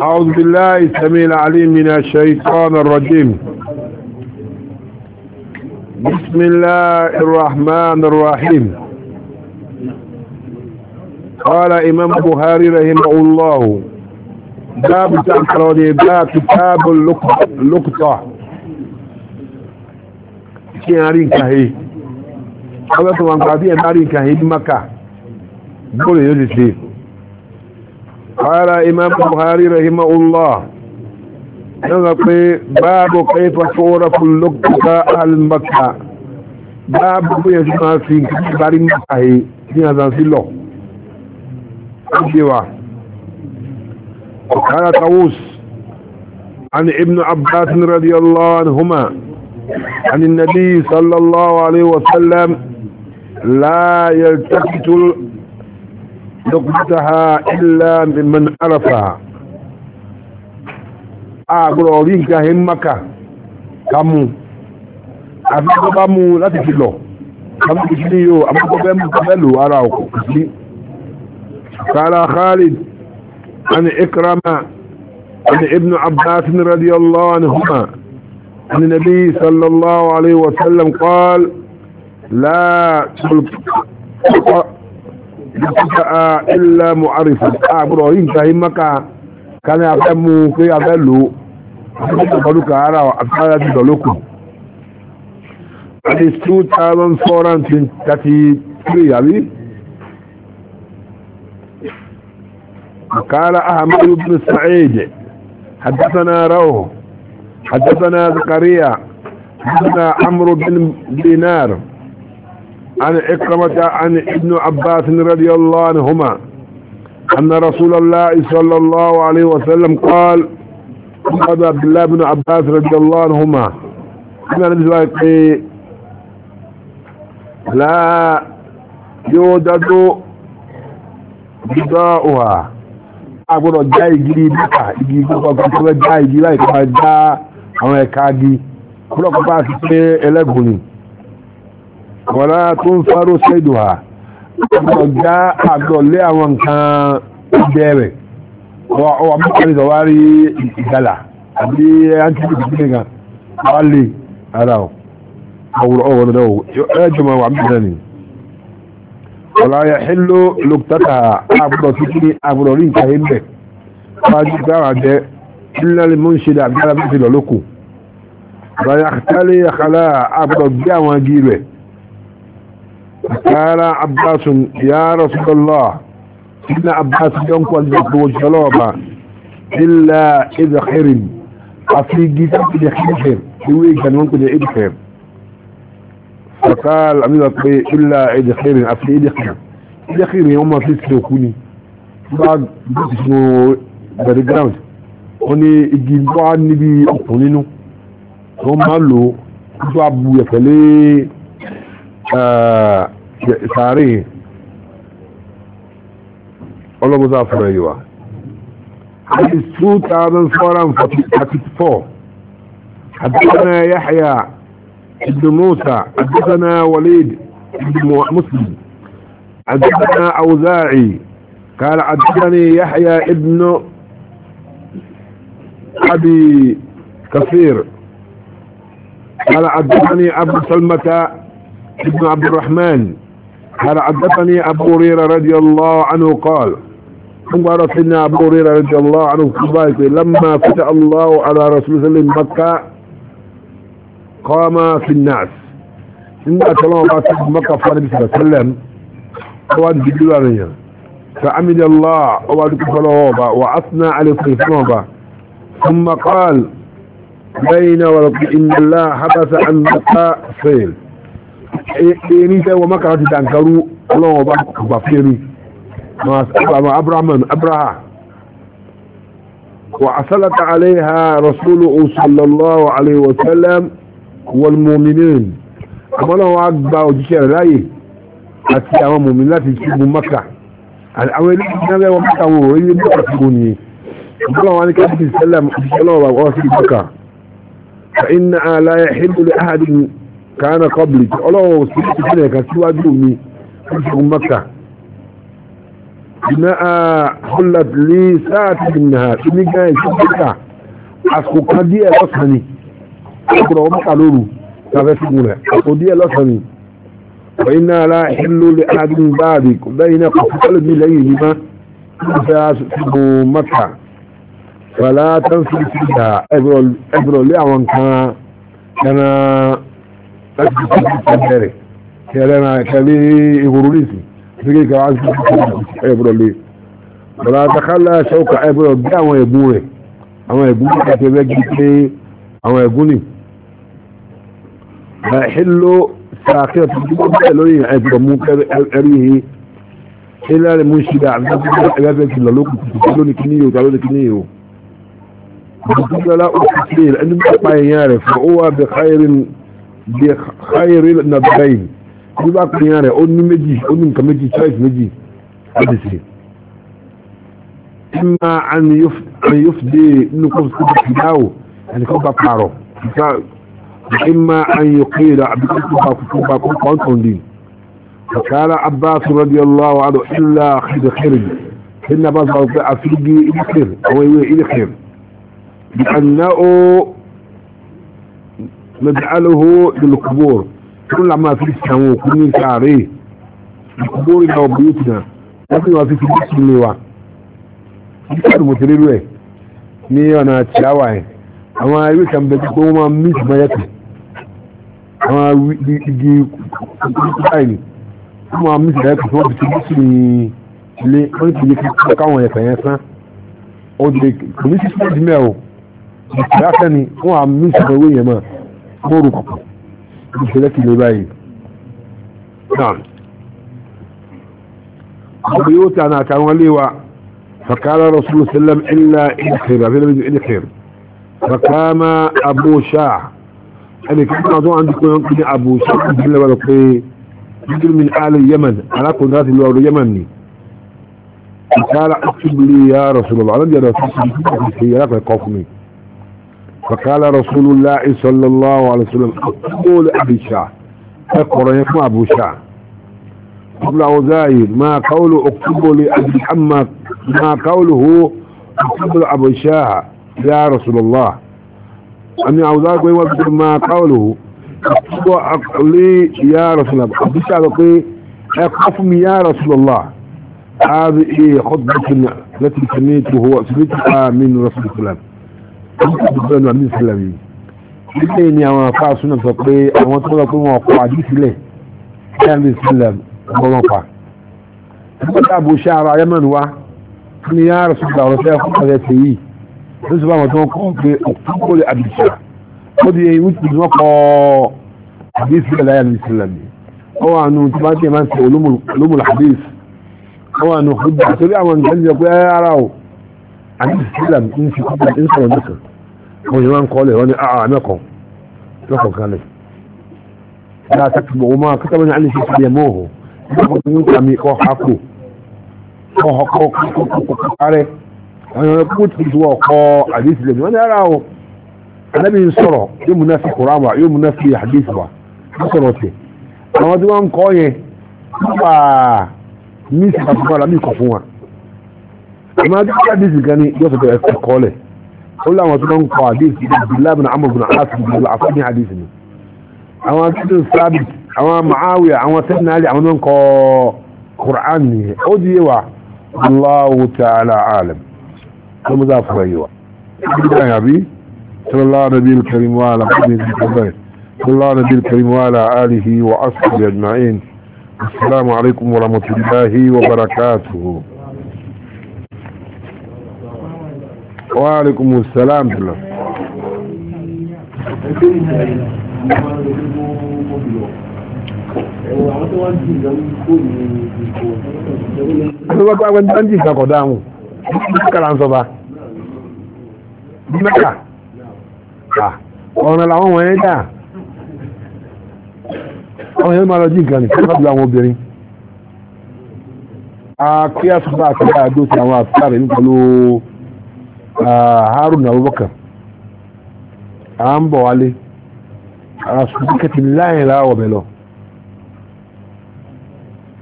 أعوذ بالله السميع العليم من الشيطان الرجيم بسم الله الرحمن الرحيم قال إمام بخاري رحمه الله باب تأكروني باب كتاب اللقطة kí a rí nǹkan hìí ọgbẹ́ tó wà ń pàdé ẹ̀ má قال إمام البخاري رحمه الله نغطي باب كيف صورة اللقطة المكة مكة باب يسمى في كبار مكة في هذا سلو أجيوا قال طاووس عن ابن عباس رضي الله عنهما عن النبي صلى الله عليه وسلم لا يلتفت لقدها إلا بمن عرفا أقولوا لك همك كمو أفضل بامو لا تفلو كم تفليو أمكو بامو قبلو أراوكو كسي قال خالد عن إكرام عن ابن عباس رضي الله عنهما عن النبي صلى الله عليه وسلم قال لا ìfúnfà ah, ilẹ̀ mu'arifu àbúrò ah, yìí nǹkan yìí maka ká ní afẹ́ mú pé afẹ́ lò ó àti ọdún kàárà àtàrà ti dọ̀lókù àti 2433 àbí قال أحمد بن سعيد حدثنا روح حدثنا زكريا حدثنا عمرو بن دينار عن إكرمة عن ابن عباس رضي الله عنهما أن رسول الله صلى الله عليه وسلم قال قال عبد الله بن عباس رضي الله عنهما أنا لا يوجد بضاؤها agbọ́dọ̀ já igi ní bíkà igi gbogbo ọgbọ́n tó fẹ́ já igi láìpẹ́ já àwọn ẹ̀ka agi kúrọ̀kọ́ bá pé ẹlẹ́gùn ni wọ́lá tó ń fáró sẹ́dùá ọjá àgọ́lẹ́ àwọn nǹkan bẹ̀rẹ̀ ọwọ́ mọ́kànlẹ̀ tó wá rí ìgbàlà àbí antibiotics ní nǹkan wá lè ara ọ̀wọ̀rọ̀ ọwọ́ lọ́dọ̀ ẹjọ́ máa wà mí ní wọ́lá yà hílò lókùtàkà àgbọ̀dọ̀ sí kí àgbọ̀dọ̀ rí nǹkan yẹn bẹ̀ wájú gbáwà jẹ́ nílẹ̀ mú ń ṣe dàbí alábẹ́sẹ̀ lọ́lọ́kù wọ́lá yà tẹ́lẹ̀ yà kálá àgbọ̀dọ̀ àwọn agi rẹ̀ قال عباس يا رسول الله إن عباس ينقل الزكوة جلوبا إلا إذا خير أفي جيسا إذا خير يوي كان منقل إذا خير فقال أمير أطبي إلا إذا خير أفي إذا خير إذا خير يوم في سلوكوني بعد بس بري جراوند oni igi wá نبي ọkùnrin nínú wọ́n máa lò ó tó àbúyẹ̀ sàárè ọlọ́mọdá fún ẹ̀yọ́ wa حديث 2444 حدثنا يحيى ابن موسى حدثنا وليد ابن مسلم حدثنا أوزاعي قال حدثني يحيى ابن أبي كثير قال حدثني أبو سلمة ابن عبد الرحمن قال حدثني أبو هريرة رضي الله عنه قال قال سيدنا أبو هريرة رضي الله عنه في لما فتح الله على رسول الله عليه مكة قام في الناس إن أتلام بأسك مكة فالنبي صلى الله عليه وسلم أواد بجلانيا فعمل الله أواد كفلوبا وأثنى عليه والسلام ثم قال بين ورب إن الله حبس عن مكة سيل erin fẹ́ wọ mọ́kàrá ti dànkarú ọlọ́wọ́ bá gbà fẹ́rin ma abrahaman abraha wa asalata alaiha rasulu sallallahu alaihi wasallam wal mominin amọ́lọ́wọ́ gba òjíṣẹ́ rẹ̀ láyè àti àwọn momin láti ṣubú maka àwọn ilé ìjìnlẹ̀ fẹ́ wọ maka wọn orí ilé maka ṣubú ni amọ́lọ́wọ́ ní kẹ́kẹ́ sẹ́lẹ̀m òjíṣẹ́ lọ́wọ́ wọ́n sí maka fa inna la yahillu li kàánà kọ́bìlì ọlọ́wọ́ òsìlẹ̀ ti fẹ́lẹ̀ kan síwájú mi ṣùgbọ́n maka iná a hullatli sáàtì ìnà ní gáyẹ̀ sí maka àsìkò kan díẹ̀ lọ́sàn ni ọkùnrin ọmọ maka lóru tàbẹ́ sí múlẹ̀ àsìkò díẹ̀ lọ́sàn ni wọ́n iná ara ìlú lè adùn báàbì lẹ́yìn náà kò fúkọ́lẹ̀ mi lẹ́yìn ní má ní fẹ́ sígun maka fàlá tán sí ìsìnkà ẹgbẹ̀rọ̀ lé àwọn nǹkan kan láti fi kókò tó bẹ̀rẹ̀ kẹlẹ́ náà kẹlẹ́ ehoro nísì sígi kan láti fi kókò tó ẹ̀ bọ̀rọ̀ lé bọ̀rọ̀ àtàkálà ṣọ́ọ̀kà ẹ̀ bọ̀rọ̀ bí àwọn ẹ̀bùn rẹ̀ àwọn ẹ̀bùn rẹ̀ kẹtẹ bẹ́ gí pé àwọn ẹ̀bùn ni ẹ̀hìnló sàkíyà tó dúró bẹ́ẹ̀ lórí ẹ̀bùn mú ẹ̀rí yìí ilẹ̀ rẹ̀ mú ṣíra ẹgbẹ́ ti lọ lókùn tuntun lónìí kí ní yóò ta lónìí kí ní yóò dúdú lọ́la ó ti ṣe ẹni bá pa ìyá rẹ̀ fún ó wà bẹ̀ káyẹ̀rin bí xayiri nàbẹ́yìn bí bá pè yàn rẹ̀ ó ní méjì ó ní nǹkan méjì choice méjì ó ti sè. ima an yufde inú kó fi kó fi dáwò ẹni kó bá pààrọ̀ an yọ kéèrè àbí kó fi bá kó bá kó kọ́ńtọ̀n dín. فقال عباس رضي الله عنه إلا خير خير إن عباس رضي الله عنه أفيدي إلى خير أو إلى خير لأنه نجعله للقبور كل ما في السماء كل كاري القبور لو بيوتنا لكن ما في في بيت النوا كانوا متريروا ni ọ̀nà tíyàwó ẹ̀ àwọn ewé kan bẹ̀ tó wọ́n máa ń mìtì mọ́yẹ́kì àwọn igi báyìí wọ́n máa ń mìtì mọ́yẹ́kì tó wọ́n fi tìbí sí ilé wọ́n ti lè fi káwọn ẹ̀fẹ̀ yẹn sán ó lè kò ní sí sí ìdímẹ́ o ìtìlásẹ́ ni wọ́n á mìtì mọ́ ewé yẹn mórùkù ìṣẹ̀lẹ̀ kìlẹ̀ báyìí náà ọmọ yóò tà náà فقال رسول الله وسلم إلا إدخر خير فقام أبو شاع أنا كنت أعطوا عندك أبو شاع من آل اليمن أنا كنت راتي اليمني قال اكتب لي يا رسول الله أنا يا رسول الله في الحياة لك فقال رسول الله صلى الله عليه وسلم قول أبي شاه اقرأ يقرأ أبو شاه قبل عزائر ما قوله اكتبوا لأبي محمد ما قوله اكتبوا أبو شاه يا رسول الله أني عوزائر ويوضع ما قوله اكتبوا لي يا رسول الله أبو شاه اقفم يا رسول الله هذه خطبة التي سميته سميتها من رسول الله àdúgbò náà ní ìsìlẹ̀ yìí nílé ni àwọn afáà súnà sọ pé àwọn tó lọ pé wọn kọ àdísílẹ̀ ní àmì ìsìlẹ̀ ọgbọ́n pa nígbà tá a bò ṣe ara yemen wa fún ni yára sọ gbà ọ̀rọ̀ fẹ́ fún ọ̀rẹ́ ṣe yìí ló sì bá wọn tó ń kọ́ pé òkúkọ́ lè àdìsá ó di eyín wípé wọn kọ àdísílẹ̀ láyà ní ìsìlẹ̀ mi ó wà tí wọ́n ti máa ń ṣe olómùlà àdís ó wà nù torí àwọn nǹkan pé ara o àdísílẹ̀ ń fi kúkú ń sọ̀rọ̀ nìkan wọ́n yìí ah, ah, wọ́n ń kọ́lẹ̀ wọ́n ni àà mẹ́kọ̀ọ́ lọ́kọ̀ kalẹ̀ ya ta tuba o ma kata wani alishi su nemo ho ya kwa tun ka mi ko haku ko hako ko ko ko kare wani wani ko tun zuwa ko hadisi le wani ara o annabi yin sọ̀rọ̀ yóò mu nafi kura ba yóò mu yóò sọ̀rọ̀ te àwọn wa la mí kọ̀ fún wa ẹ كل ما تكون قاديس عبد الله بن عمر بن عاص بن العفاني حديثنا اما كده ثابت اما معاويه اما سيدنا علي اما نكو قراني ودي وا إيوة. الله تعالى عالم المضاف ايوه يا ابي صلى الله نبي الكريم وعلى صلى الله نبي الكريم وعلى اله واصحابه اجمعين السلام عليكم ورحمه الله وبركاته wa alaikumus salam tìlọ. Àtọ́gbọ́gbọ́ àwọn ìdájí ìsàkọ̀dá àwọn ìsìnkàrà ń sọba. Bí mẹ́ta, ọ̀rọ̀ làwọn wọ̀nyẹ́ dà. Àwọn yẹn máa lọ jí nǹkan ní kí àwọn obìnrin. A kí àtúbà àti àdó ti àwọn àtúbà rẹ̀ nípa lóòó harun abubakar a ń bọ̀ wálé ara sùdíkẹtì láyìn láwọ̀ mẹ́lọ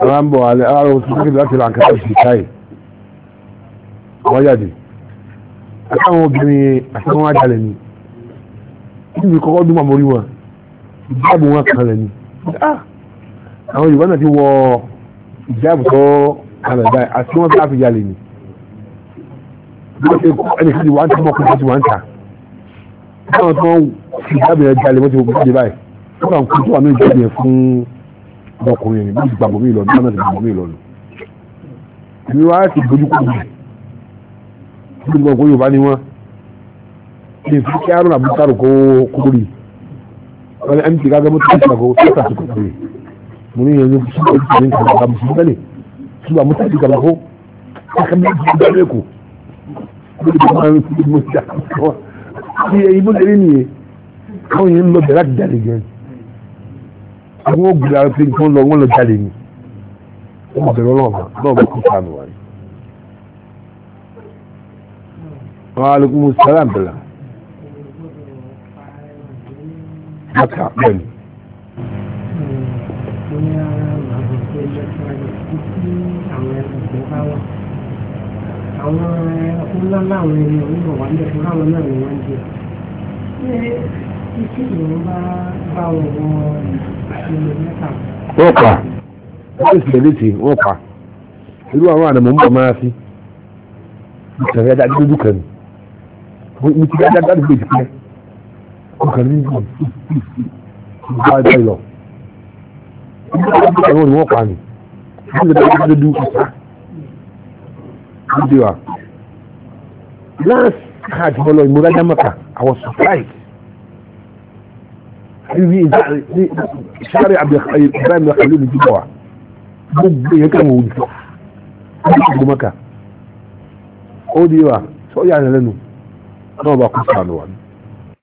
ara ń bọ̀ wálé ara sùdíkẹtì láti A nǹkan sí káyì wọ́n jáde àtàwọn obìnrin àti wọn wájà lẹ́ni níbi kọ́kọ́ dúnmọ̀ mórí wọn ìjáàbù wọn kan lẹ́ni àwọn yorùbá náà ti wọ ìjáàbù tó kalẹ̀ A àti wọn fi àfijá lẹ́ni bó ṣe kó ẹni kejì wá ń tà mọ́kùnrin kejì wá ń tà báwọn tó ń fi dábìrì ẹja lè wọ́n ti gbé báyìí wọ́n kà kú tó wà ní ìjọba yẹn fún ọkùnrin yẹn bí gbàgbọ́ mi lọ́nu náà gbàgbọ́ mi lọ́nu èmi wá ti dojú kú mi kí ni gbogbo Yorùbá ni wọ́n kí n fi kí arún àbúkárò kó kúrì wọ́n ní mt gágá mọ́tò ìṣẹ̀lẹ̀ kó sọ́kà tó kúrì mo ní yẹn ní sùgbọ́n ìṣẹ̀lẹ̀ nǹkan àbùsùn gbogbo máa ń fi mo jà kọ́ bí ẹyin bó lérè nìyẹn káwọn yẹn ń lọ bẹ̀rẹ̀ àdìjàlè yẹn àwọn ògùn ara pé nǹkan lọ wọn lọ jalè ni wọn mọ bẹ̀rẹ̀ ọlọ́ọ̀bà náà bá kú àwọn ẹranko ńlá láwọn ẹni onímọ̀ wà ní ẹ̀fọ́ láwọn náà ni wọ́n ń jẹ. ṣé títí ìrún bá bá ọ̀wọ́ ìṣẹ̀lẹ̀ mẹ́ta. wọ́n pa wọ́n sì lè létí wọ́n pa irú àwọn àdàmọ̀ ń bọ̀ máa fi ìtàrí ajá dúdú kan ní ti ajá dúdú ti pẹ́ ọkàn ní ìgbà ìgbà ìgbà ìlọ. ìgbà ìgbà ìlọ ni wọ́n pa ni wọ́n lè bá ajá dúdú ìta ìdíwà last card bọ́lọ̀ ìmúra jámọ́kà I was surprised ibi sáré Ibrahim Khalil ti bọ̀ wá gbogbo yẹn kàn wò jù gbogbo mọ́kà ó di wa sọ́yà lẹ́nu náà bá kó sànù wa ni.